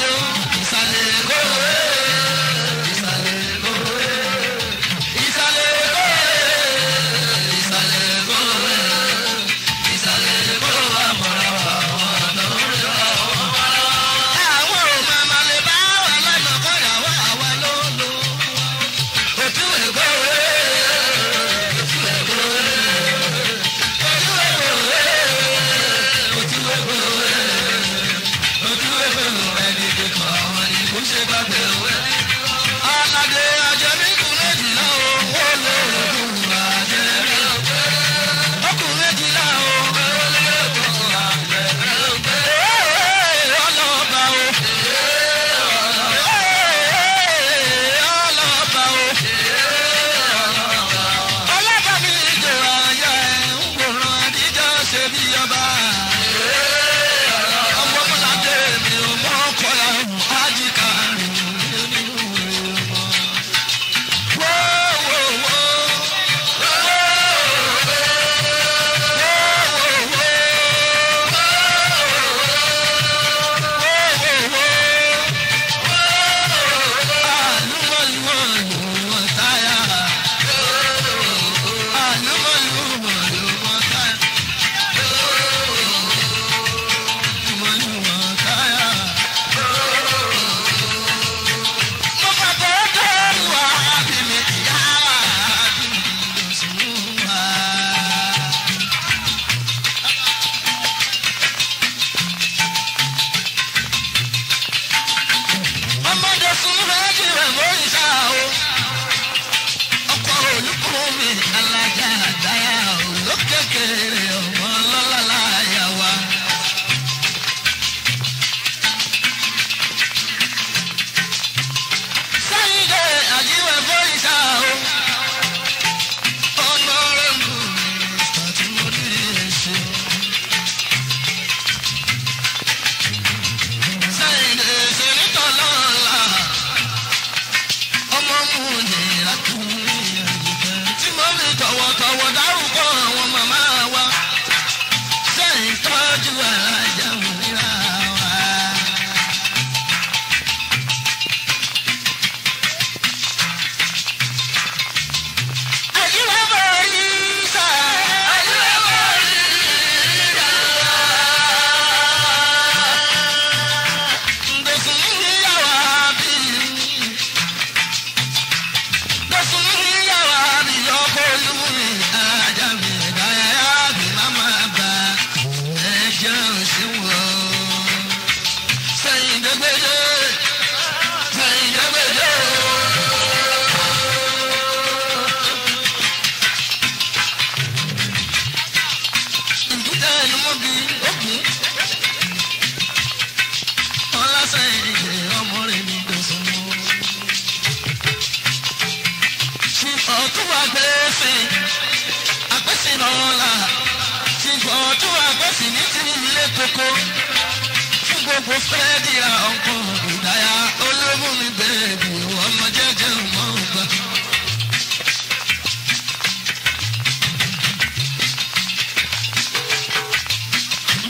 yo kókó fún gbogbo fẹ́ẹ́dìrà ọkọ̀ ìdáyà olómùmí bẹ́ẹ̀bì ọmọ jẹ́jẹ́ mọ́ gbà.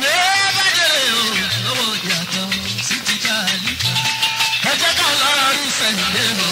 bẹ́ẹ̀ bá délé o lọ́wọ́ yàtọ̀ sí ti dáa níta ẹ jẹ́ ká lọ́ọ́ rí sẹ́yìn lé o.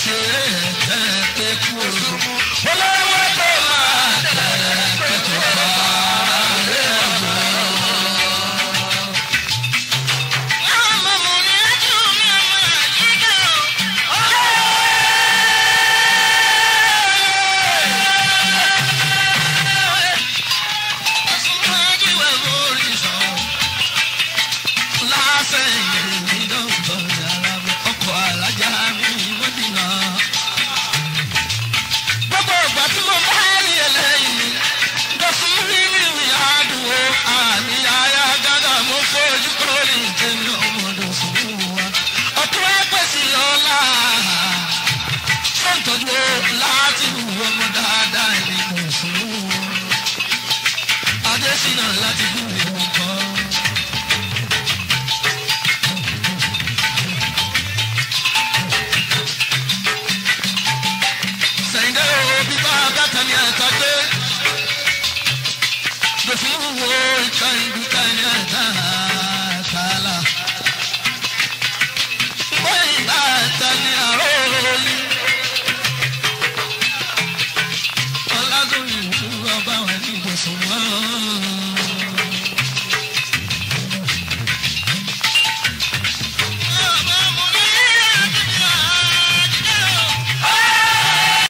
ṣeré ẹ̀ tẹ́ ẹ pé kú